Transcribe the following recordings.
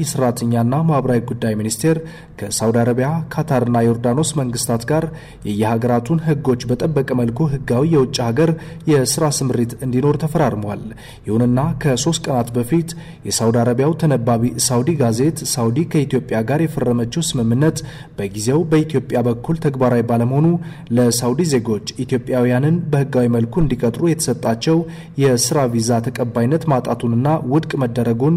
የሰራተኛና ማህበራዊ ጉዳይ ሚኒስቴር ከሳውዲ አረቢያ፣ ካታርና ዮርዳኖስ መንግስታት ጋር የየሀገራቱን ህጎች በጠበቀ መልኩ ህጋዊ የውጭ ሀገር የስራ ስምሪት እንዲኖር ተፈራርሟል። ይሁንና ከሶስት ቀናት በፊት የሳውዲ አረቢያው ተነባቢ ሳውዲ ጋዜት ሳውዲ ከኢትዮጵያ ጋር የፈረመችው ስምምነት በጊዜው በኢትዮጵያ በኩል ተግባራዊ ባለመሆኑ ለሳውዲ ዜጎች ኢትዮጵያውያንን በህጋዊ መልኩ እንዲቀጥሩ የተሰጣቸው የስራ ቪዛ ተቀባይነት ማጣቱንና ውድቅ መደረጉን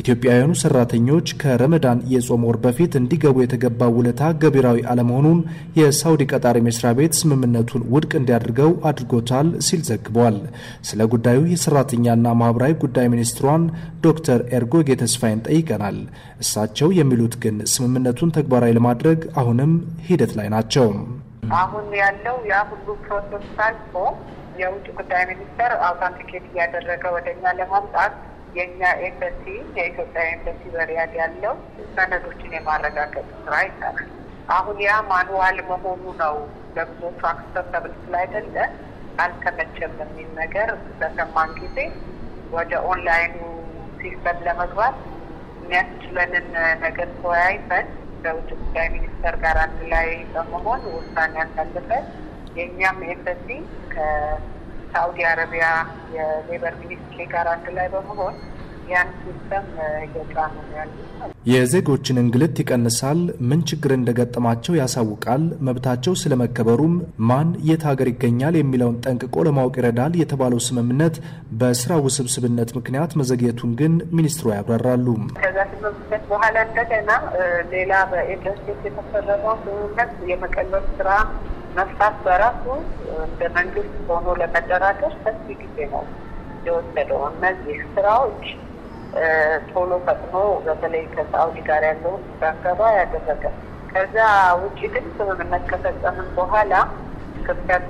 ኢትዮጵያውያኑ ሰራተኞች ከረመዳን የጾም ወር በፊት እንዲገቡ የተገባ ውለታ ገቢራዊ አለመሆኑን የሳውዲ ቀጣሪ መስሪያ ቤት ስምምነቱን ውድቅ እንዲያደርገው አድርጎታል ሲል ዘግቧል። ስለ ጉዳዩ የሰራተኛና ማህበራዊ ጉዳይ ሚኒስትሯን ዶክተር ኤርጎጌ ተስፋይን ጠይቀናል። እሳቸው የሚሉት ግን ስምምነቱን ተግባራዊ ለማድረግ አሁንም ሂደት ላይ ናቸው። አሁን ያለው ያ ሁሉ ፕሮሰስ ሳልፎ የውጭ ጉዳይ ሚኒስቴር አውታንቲኬት እያደረገ ወደኛ ለማምጣት የእኛ ኤምበሲ የኢትዮጵያ ኤምበሲ በሪያድ ያለው ሰነዶችን የማረጋገጥ ስራ ይሰራል። አሁን ያ ማንዋል መሆኑ ነው ለብዙዎቹ አክሰሰብል ስላይደለ አልተመቸም የሚል ነገር በሰማን ጊዜ ወደ ኦንላይኑ ሲስተም ለመግባት የሚያስችለንን ነገር ተወያይተን ከውጭ ጉዳይ ሚኒስቴር ጋር አንድ ላይ በመሆን ውሳኔ አሳልፈን የእኛም ኤምበሲ ሳውዲ አረቢያ የሌበር ሚኒስትሪ ጋር አንድ ላይ በመሆን ያን ሲስተም እየጫኑ ያሉ የዜጎችን እንግልት ይቀንሳል፣ ምን ችግር እንደገጠማቸው ያሳውቃል፣ መብታቸው ስለመከበሩም ማን የት ሀገር ይገኛል የሚለውን ጠንቅቆ ለማወቅ ይረዳል የተባለው ስምምነት በስራ ውስብስብነት ምክንያት መዘግየቱን ግን ሚኒስትሩ ያብራራሉ። ከዛ ስምምነት በኋላ እንደገና ሌላ በኢንዱስትሪ የተፈረመው ስምምነት የመቀለብ ስራ መፍታት በራሱ እንደ መንግስት ሆኖ ለመደራደር ሰፊ ጊዜ ነው የወሰደው። እነዚህ ስራዎች ቶሎ ፈጥኖ በተለይ ከሳውዲ ጋር ያለውን እንዳንገባ ያደረገ። ከዛ ውጭ ግን ስምምነት ከፈጸምን በኋላ ክፍተት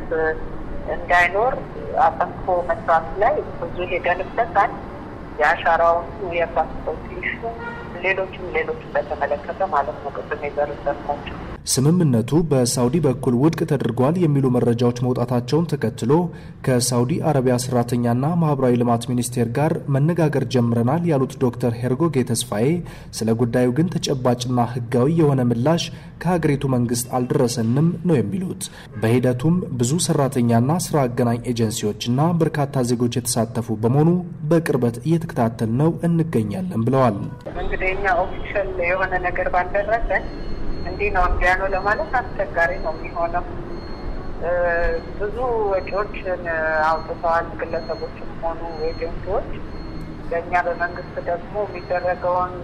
እንዳይኖር አጠንክሮ መስራት ላይ ብዙ ሄደንበታል። የአሻራውን የኳስ ፖቲሽን ሌሎችም ሌሎችም በተመለከተ ማለት ነው ቅድም የዘረዘርኳቸው ስምምነቱ በሳውዲ በኩል ውድቅ ተደርጓል የሚሉ መረጃዎች መውጣታቸውን ተከትሎ ከሳውዲ አረቢያ ሰራተኛና ማህበራዊ ልማት ሚኒስቴር ጋር መነጋገር ጀምረናል ያሉት ዶክተር ሄርጎጌ ተስፋዬ ስለ ጉዳዩ ግን ተጨባጭና ሕጋዊ የሆነ ምላሽ ከሀገሪቱ መንግስት አልደረሰንም ነው የሚሉት። በሂደቱም ብዙ ሰራተኛና ስራ አገናኝ ኤጀንሲዎችና በርካታ ዜጎች የተሳተፉ በመሆኑ በቅርበት እየተ እየተከታተል ነው እንገኛለን ብለዋል። እንግዲህ እኛ ኦፊሻል የሆነ ነገር ባልደረሰ እንዲህ ነው እንዲያ ነው ለማለት አስቸጋሪ ነው የሚሆነው። ብዙ ወጪዎችን አውጥተዋል ግለሰቦችም ሆኑ ኤጀንሲዎች። ለእኛ በመንግስት ደግሞ የሚደረገውን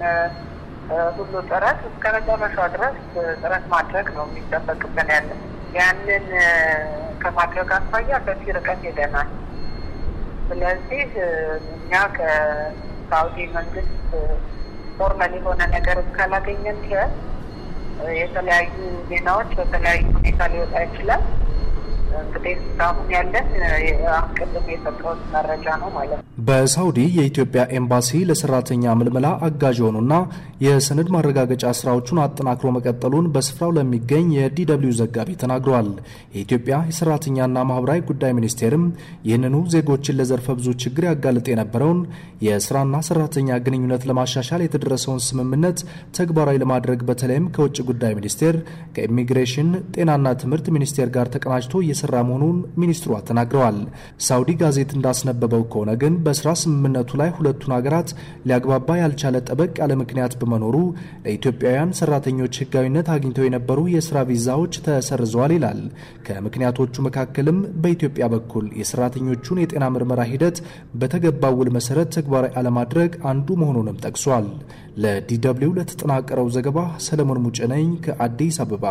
ሁሉ ጥረት እስከ መጨረሻ ድረስ ጥረት ማድረግ ነው የሚጠበቅብን ያለን ያንን ከማድረግ አኳያ በፊ ርቀት ሄደናል። ስለዚህ እኛ ከሳውዲ መንግስት ፎርማል የሆነ ነገር እስካላገኘን ድረስ የተለያዩ ዜናዎች በተለያዩ ሁኔታ ሊወጣ ይችላል። በሳውዲ የኢትዮጵያ ኤምባሲ ለሰራተኛ ምልመላ አጋዥ የሆኑና የሰነድ ማረጋገጫ ስራዎቹን አጠናክሮ መቀጠሉን በስፍራው ለሚገኝ የዲደብሊው ዘጋቢ ተናግረዋል። የኢትዮጵያ የሰራተኛና ማህበራዊ ጉዳይ ሚኒስቴርም ይህንኑ ዜጎችን ለዘርፈ ብዙ ችግር ያጋልጥ የነበረውን የስራና ሰራተኛ ግንኙነት ለማሻሻል የተደረሰውን ስምምነት ተግባራዊ ለማድረግ በተለይም ከውጭ ጉዳይ ሚኒስቴር፣ ከኢሚግሬሽን፣ ጤናና ትምህርት ሚኒስቴር ጋር ተቀናጅቶ እየተሰራ መሆኑን ሚኒስትሯ ተናግረዋል። ሳውዲ ጋዜት እንዳስነበበው ከሆነ ግን በስራ ስምምነቱ ላይ ሁለቱን ሀገራት ሊያግባባ ያልቻለ ጠበቅ ያለ ምክንያት በመኖሩ ለኢትዮጵያውያን ሰራተኞች ህጋዊነት አግኝተው የነበሩ የስራ ቪዛዎች ተሰርዘዋል ይላል። ከምክንያቶቹ መካከልም በኢትዮጵያ በኩል የሰራተኞቹን የጤና ምርመራ ሂደት በተገባ ውል መሰረት ተግባራዊ አለማድረግ አንዱ መሆኑንም ጠቅሷል። ለዲደብሊው ለተጠናቀረው ዘገባ ሰለሞን ሙጭነኝ ነኝ ከአዲስ አበባ።